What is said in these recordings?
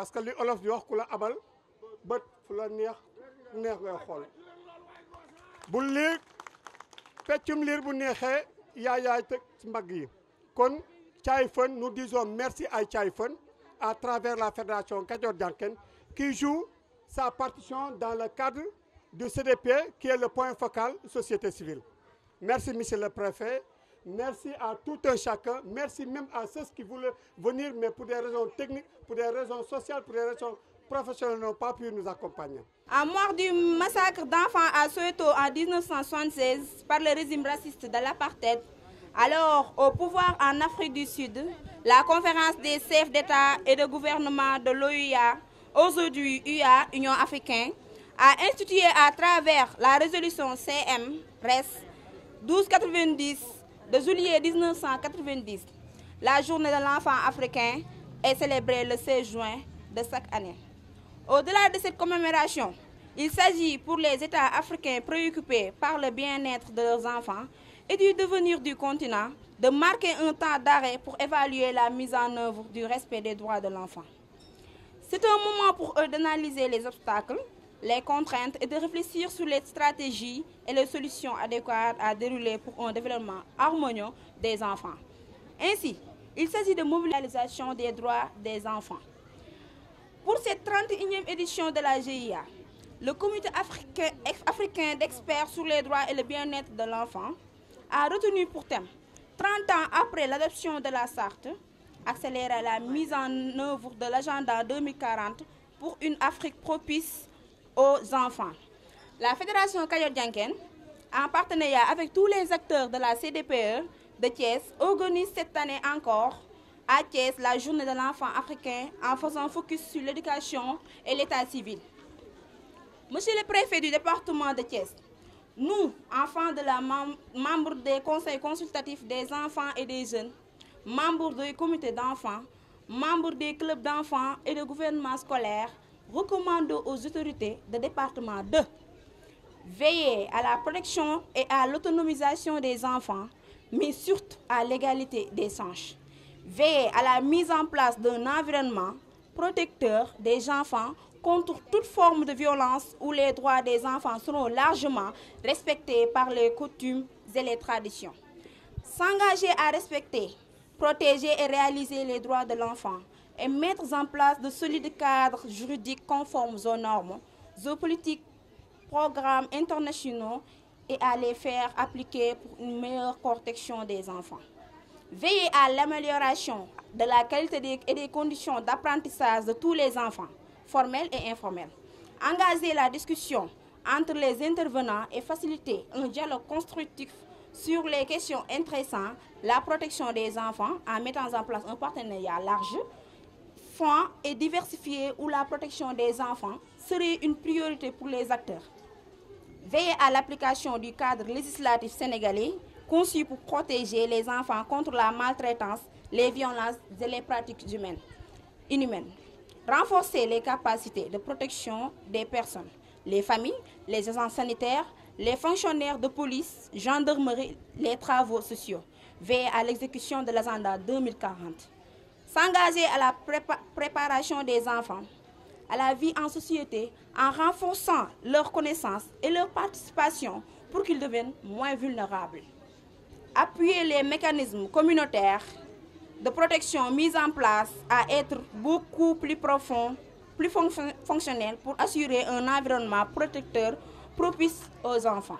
parce que li olof di wax ku la abal bët fu la neex neex ngay xool bu liir peccum liir bu neexee yaay yaay teg ci mbag yi kon Thiaye Fun nous disons merci à Thiaye Fun à travers la fédération Kajoor Janken qui joue sa partition dans le cadre du CDP qui est le point focal société civile merci monsieur le préfet Merci à tout un chacun. Merci même à ceux qui voulaient venir, mais pour des raisons techniques, pour des raisons sociales, pour des raisons professionnels n'ont pas pu nous accompagner. À mort du massacre d'enfants à Soweto en 1976 de l'apartheid, alors au en Afrique du Sud, la conférence des chefs d'État et de gouvernement de l'OUA, aujourd'hui Union africaine, a institué à travers la résolution CM-RES 1290 de juillet 1990, la journée de l'enfant africain est célébrée le 16 juin de chaque année. Au-delà de cette commémoration, il s'agit pour les États africains préoccupés par le bien-être de leurs enfants et du devenir du continent de marquer un temps d'arrêt pour évaluer la mise en œuvre du respect des droits de l'enfant. C'est un moment pour les obstacles les contraintes et de réfléchir sur les stratégies et les solutions adéquates à dérouler pour un développement harmonieux des enfants. Ainsi, il s'agit de mobilisation des droits des enfants. Pour cette 31e édition de la GIA, le comité africain, africain d'experts sur les droits et le bien-être de l'enfant a retenu pour thème 30 ans après l'adoption de la Sarthe, accélérer la mise en œuvre de l'agenda 2040 pour une Afrique propice aux enfants. La Fédération Kayot Janken, en partenariat avec tous les acteurs de la CDPE de Thiès, organise cette année encore à Thiès la journée de l'enfant africain en faisant focus sur l'éducation et l'état civil. Monsieur le préfet du département de Thiès, nous, enfants de la mem membres des conseils consultatifs des enfants et des jeunes, membres du comité d'enfants, membre des clubs d'enfants et de gouvernement scolaire, recommandons aux autorités de département de veiller à la protection et à l'autonomisation des enfants, mais surtout à l'égalité des chances. Veiller à la mise en place d'un environnement protecteur des enfants contre toute forme de violence où les droits des enfants seront largement respectés par les coutumes et les traditions. S'engager à respecter, protéger et réaliser les droits de l'enfant et mettre en place de solides cadres juridiques conformes aux normes géopolitiques, programmes internationaux et à les faire appliquer pour une meilleure protection des enfants. Veiller à l'amélioration de la qualité et des conditions d'apprentissage de tous les enfants, formels et informels. Engager la discussion entre les intervenants et faciliter un dialogue constructif sur les questions intéressantes, la protection des enfants en mettant en place un partenariat large fonds et diversifier où la protection des enfants serait une priorité pour les acteurs. Veiller à l'application du cadre législatif sénégalais conçu pour protéger les enfants contre la maltraitance, les violences et les pratiques humaines, inhumaines. Renforcer les capacités de protection des personnes, les familles, les agents sanitaires, les fonctionnaires de police, gendarmerie, les travaux sociaux. Veiller à l'exécution de l'agenda 2040. s'engager à la prépa préparation des enfants à la vie en société en renforçant leurs connaissances et leur participation pour qu'ils deviennent moins vulnérables. Appuyer les mécanismes communautaires de protection mis en place à être beaucoup plus profonds, plus fon fonctionnels pour assurer un environnement protecteur propice aux enfants.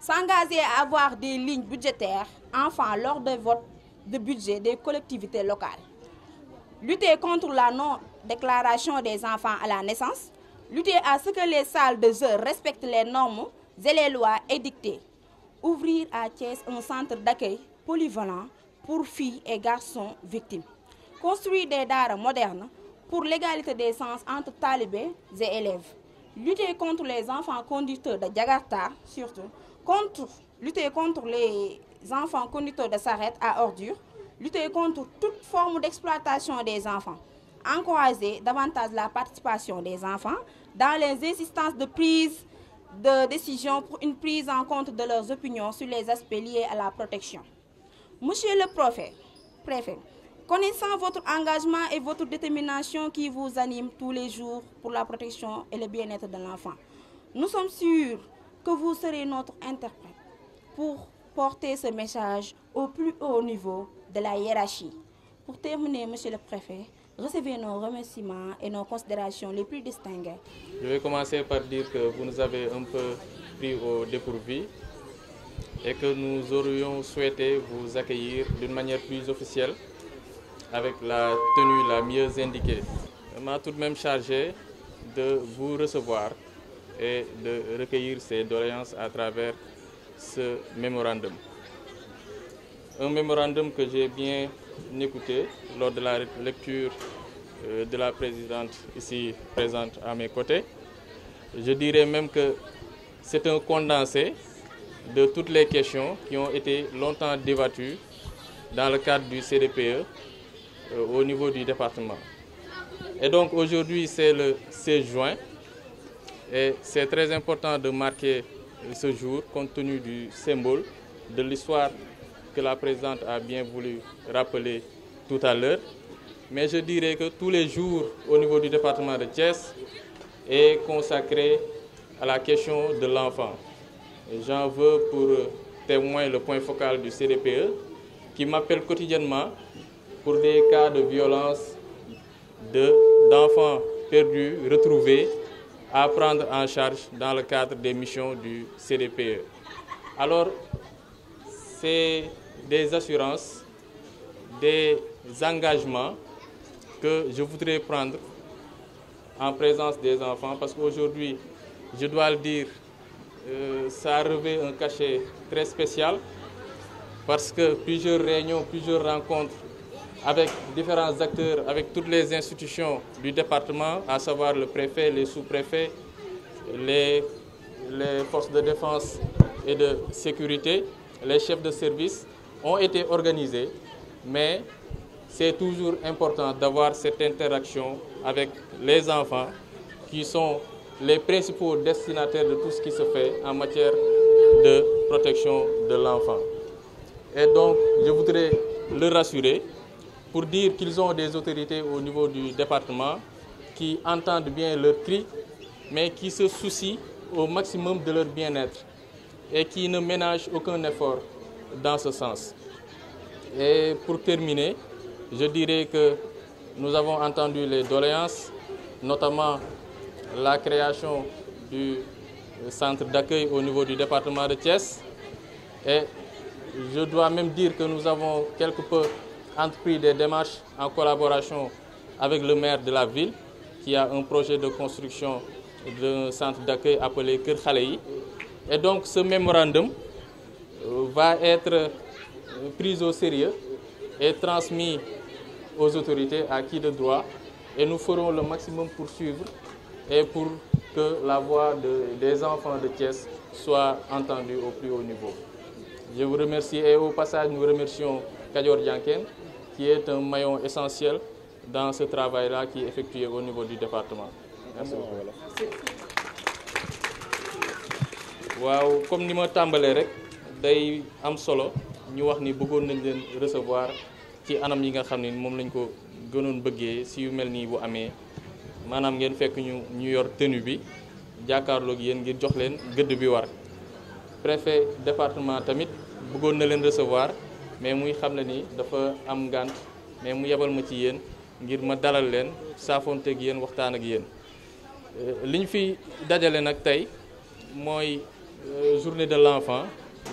S'engager à avoir des lignes budgétaires enfants lors des vote de budget des collectivités locales. Lutter contre la non-déclaration des enfants à la naissance, lutter à ce que les salles de jeu respectent les normes et les lois édictées, ouvrir à Thiès un centre d'accueil polyvalent pour filles et garçons victimes, construire des daara modernes pour l'égalité des sens entre talibés et élèves, lutter contre les enfants conducteurs de Jakarta, surtout, contre, lutter contre les enfants conducteurs de charrettes à ordures, lutter contre toute forme d'exploitation des enfants, encourager davantage la participation des enfants dans les insistances de prise de décision pour une prise en compte de leurs opinions sur les aspects liés à la protection. Monsieur le préfet, préfet, connaissant votre engagement et votre détermination qui vous anime tous les jours pour la protection et le bien de l'enfant, nous sommes sûrs que vous serez pour porter ce message au plus haut niveau de la hiérarchie. Pour terminer, Monsieur le Préfet, recevez nos remerciements et nos considérations les plus distinguées. Je vais commencer par dire que vous nous avez un peu pris au dépourvu et que nous aurions souhaité vous accueillir d'une manière plus officielle avec la tenue la mieux indiquée. On m'a tout de même chargé de vous recevoir et de recueillir ces doléances à travers ce mémorandum. Un que j'ai bien écouté lors de la lecture euh, de la présidente ici présente à mes côtés. Je dirais même que c'est un condensé de toutes les questions qui ont été longtemps débattues dans le cadre du CDPE euh, au niveau du département. Et donc aujourd'hui, c'est le 16 juin et c'est très important de marquer Euh, ce jour, compte tenu du symbole, de l'histoire que la présidente a bien voulu rappeler tout à l'heure. Mais je dirais que tous les jours au niveau du département de Thiès est consacré à la question de l'enfant. J'en veux pour témoin le point focal du CDPE qui m'appelle quotidiennement pour des cas de violence d'enfants de, perdus, retrouvés à prendre en charge dans le cadre des missions du CDPE. Alors, c'est des assurances, des engagements que je voudrais prendre en présence des enfants parce qu'aujourd'hui, je dois le dire, euh, ça revêt un cachet très spécial parce que plusieurs réunions, plusieurs rencontres avec différents acteurs, avec toutes les institutions du département, à savoir le préfet, les sous-préfets, les, les, forces de défense et de sécurité, les chefs de service, ont été organisés. Mais c'est toujours important d'avoir cette interaction avec les enfants qui sont les principaux destinataires de tout ce qui se fait en matière de protection de l'enfant. Et donc, je voudrais le rassurer pour dire qu'ils ont des autorités au niveau du département qui entendent bien leurs cris, mais qui se soucient au maximum de leur bien-être et qui ne ménagent aucun effort dans ce sens. Et pour terminer, je dirais que nous avons entendu les doléances, notamment la création du centre d'accueil au niveau du département de Thiès. Et je dois même dire que nous avons quelque peu entrepris des démarches en collaboration avec le maire de la ville qui a un projet de construction d'un centre d'accueil appelé Kër Khalei. Et donc ce mémorandum euh, va être euh, pris au sérieux et transmis aux autorités à qui de droit et nous ferons le maximum pour suivre et pour que la voix de, des enfants de Thiès soit entendue au plus haut niveau. Je vous remercie et au passage nous remercions Kadior Dianken qui est un maillon essentiel dans ce travail-là qui est effectué niveau du département. merci beaucoup waaw comme ni ma tàmbalee rek day am solo ñu wax ni bëggoon nañ leen recevoir ci anam yi nga xam ne moom lañ ko gënoon bëggee si yu mel nii bu amee maanaam ngeen fekk ñu ñu yor tenu bi jàkkaarloog yéen ngir jox leen gëdd bi war préfet département tamit bëggoon na leen recevoir. mais muy xam ne ni dafa am ngànt mais mu yebal ma ci yéen ngir ma dalal leen saafoonteeg yéen waxtaan ak yéen euh, li ñu fi dajale nag tey mooy euh, journée de l'enfant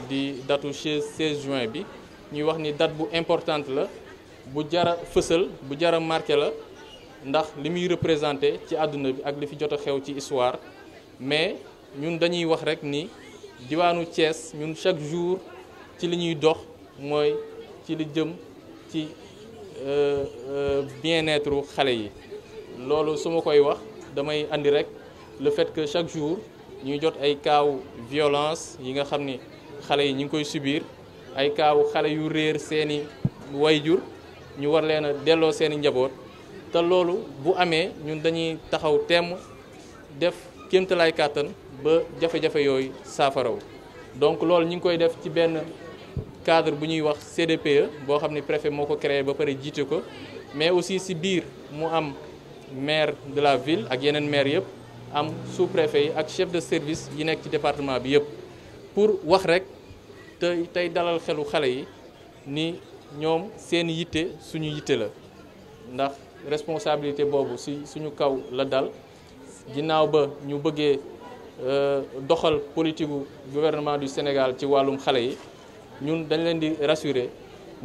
di datu 16 juin bi ñuy wax ni date bu importante la bu jara fësal bu jara marqué la ndax li muy représenté ci àdduna bi ak li fi jot a xew ci histoire mais ñun dañuy wax rek ni diwaanu Thiès ñun chaque jour ci li ñuy dox mooy ci li jëm ci euh, euh, bien-être xale yi loolu su ma koy wax damay andi rek le fait que chaque jour ñuy jot ay kaaw violence yi nga xam ni xale yi ñu ngi koy subir ay kaaw xale yu réer seeni way jur ñu war leen a delloo seeni njaboot te loolu bu amee ñun dañuy taxaw temm def kéemtalaay kàttan ba jafe-jafe yooyu saafaraw donc loolu ñu ngi koy def ci benn cadre bu ñuy wax CDPE boo xam ne préfet moo ko créé ba pare jiite ko mais aussi si biir mu am maire de la ville ak yeneen maire yëpp am sous préfet yi ak chef de service yi nekk ci département bi yëpp pour wax rek te tey dalal xelu xale yi ni ñoom seen yitte suñu yitte la ndax responsabilité boobu si suñu kaw la dal ginnaaw ba ñu bëggee euh, doxal politique gu gouvernement du Sénégal ci wàllum xale yi ñun dañ leen di rassurer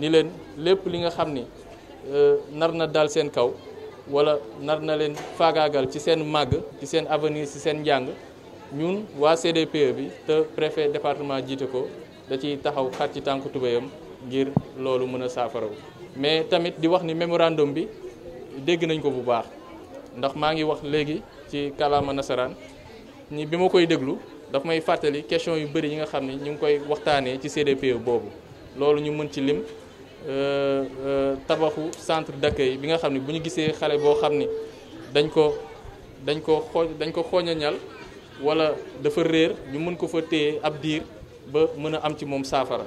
ni leen lépp li nga xam ni euh, nar na daal seen kaw wala nar na leen faagaagal ci seen màgg ci seen avenir ci seen njàng ñun waa CDPE bi te préfet département jiite ko da ciy taxaw xar ci tànk tubéyam ngir loolu mën a saafaraw mais tamit di wax ni mémorandum bi dégg nañ ko bu baax ndax maa ngi wax léegi ci kàllaama nasaraan ñi bi ma koy déglu daf may fàttali question yu bëri yi nga xam ni ñu ngi koy waxtaanee ci CDPE boobu loolu ñu mën ci lim euh, euh, tabaxu centre d'accueil bi nga xam ne bu ñu gisee xale boo xam ne dañ ko dañ ko xoo dañ ko xooñañal wala dafa réer ñu mën ko fa téye ab diir ba mën a am ci moom saafara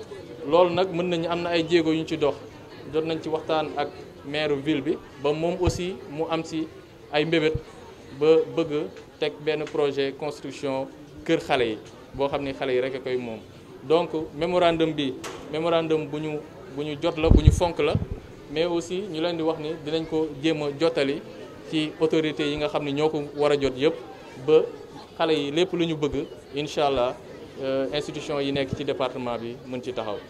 loolu nag mën nañu am na ay jéego yu ñu ci dox jot nañ ci waxtaan ak maire ville bi ba moom aussi mu am si ay mbébét ba bëgg teg benn projet construction kër xale yi boo xam ni xale yi rek a koy moom donc mémorandum bi mémorandum bu ñu bu ñu jot la bu ñu fonk la mais aussi ñu leen di wax ni dinañ ko jéem a jottali ci autorités yi nga xam ne ñoo ko war a jot yëpp ba xale yi lépp lu ñu bëgg incha allah euh, institution yi nekk ci département bi mun ci taxaw